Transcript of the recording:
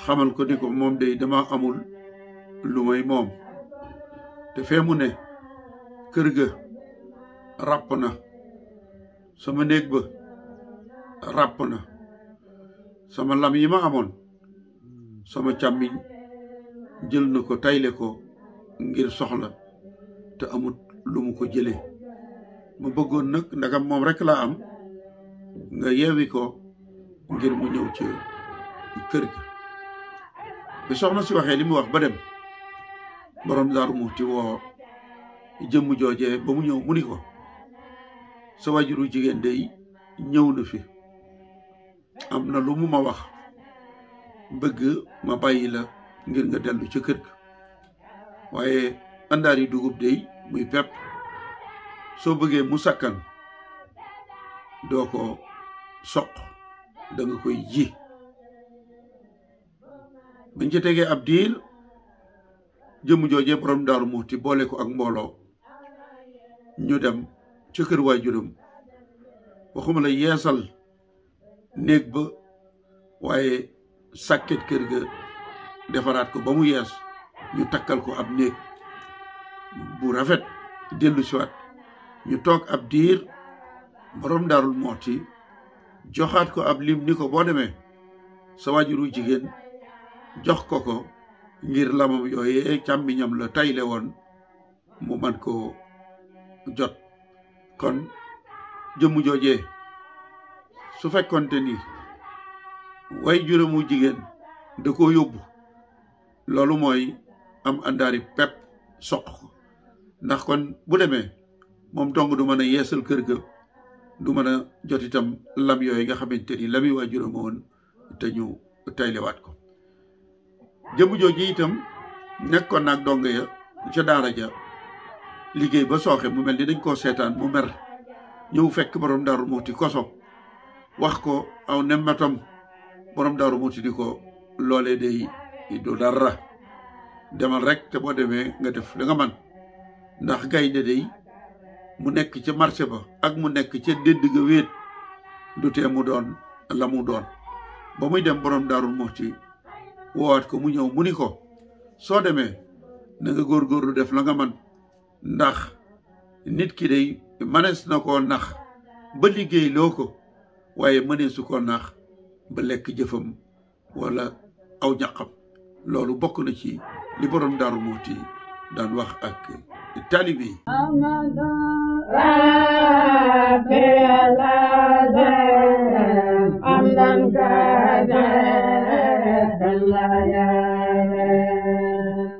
xamal ko ni ko moom de dama amul lu may moom te fee mu ne kër ga ràpp na sama néeg ba ràpp na sama lam yi ma amoon sama càmmiñ jël na ko tayle ko ngir soxla te amut lu mu ko jëlee ma bëggoon nag ndagam moom rek laa am nga yeewi ko ngir mu ñëw ci kër gi bi soxna si waxee li mu wax ba dem borom daaru mu ci woo jëmm joojee ba mu ñëw mu ni ko sa wajuru jigéen day ñëw na fi am na lu mu ma wax bëgg ma bàyyi la ngir nga dellu ci kër ga waaye àndaar yi dugub day muy pepp soo bëggee mu sakkan doo ko soq da koy ji buñ ci tegee ab diir jëmm joojee borom daaru muxti boole ko ak mbooloo ñu dem ca kër juróom waxuma la yeesal néeg ba waaye sàkket kër ga defaraat ko ba mu yees ñu takkal ko ab néeg bu rafet dellu siwaat ñu toog ab diir borom daarul moxti joxaat ko ab lim ni ko boo demee sa waajuru jigéen jox ko ko ngir lamam yooyee càmmiñam la tayle woon mu man ko jot kon jëmu joojee su fekkonte ni way juróomu jigéen da ko yóbbu loolu mooy am àndaari pepp soq ndax kon bu demee moom dong du mën a yeesal kër ga du mën a jot itam lam yooyu nga xamante ni lami waa juróoma te ñu taylewaat ko jëbu joji itam nekkoon naag dong ya ca daara ja liggéey ba sooxe mu mel ni dañ koo seetaan mu mer ñëw fekk borom daaru muuti koso wax ko aw nemmatam borom daaru muuti di ko loolee day du dara demal rek te boo demee nga def li nga man ndax gaynde day mu nekk ca marché ba ak mu nekk ca dédd ga wéet du tee mu doon la doon ba dem borom daaru muuti wowaat ko mu ñëw mu ni ko soo demee na nga góorgóorlu def la nga man ndax nit ki day mënees na koo nax ba liggéey loo ko waaye mëneesu koo nax ba lekk jëfam wala aw ñaqam loolu bokk na ci li borom daaru muuti daan wax ak taalibe yi amdan لا يعلم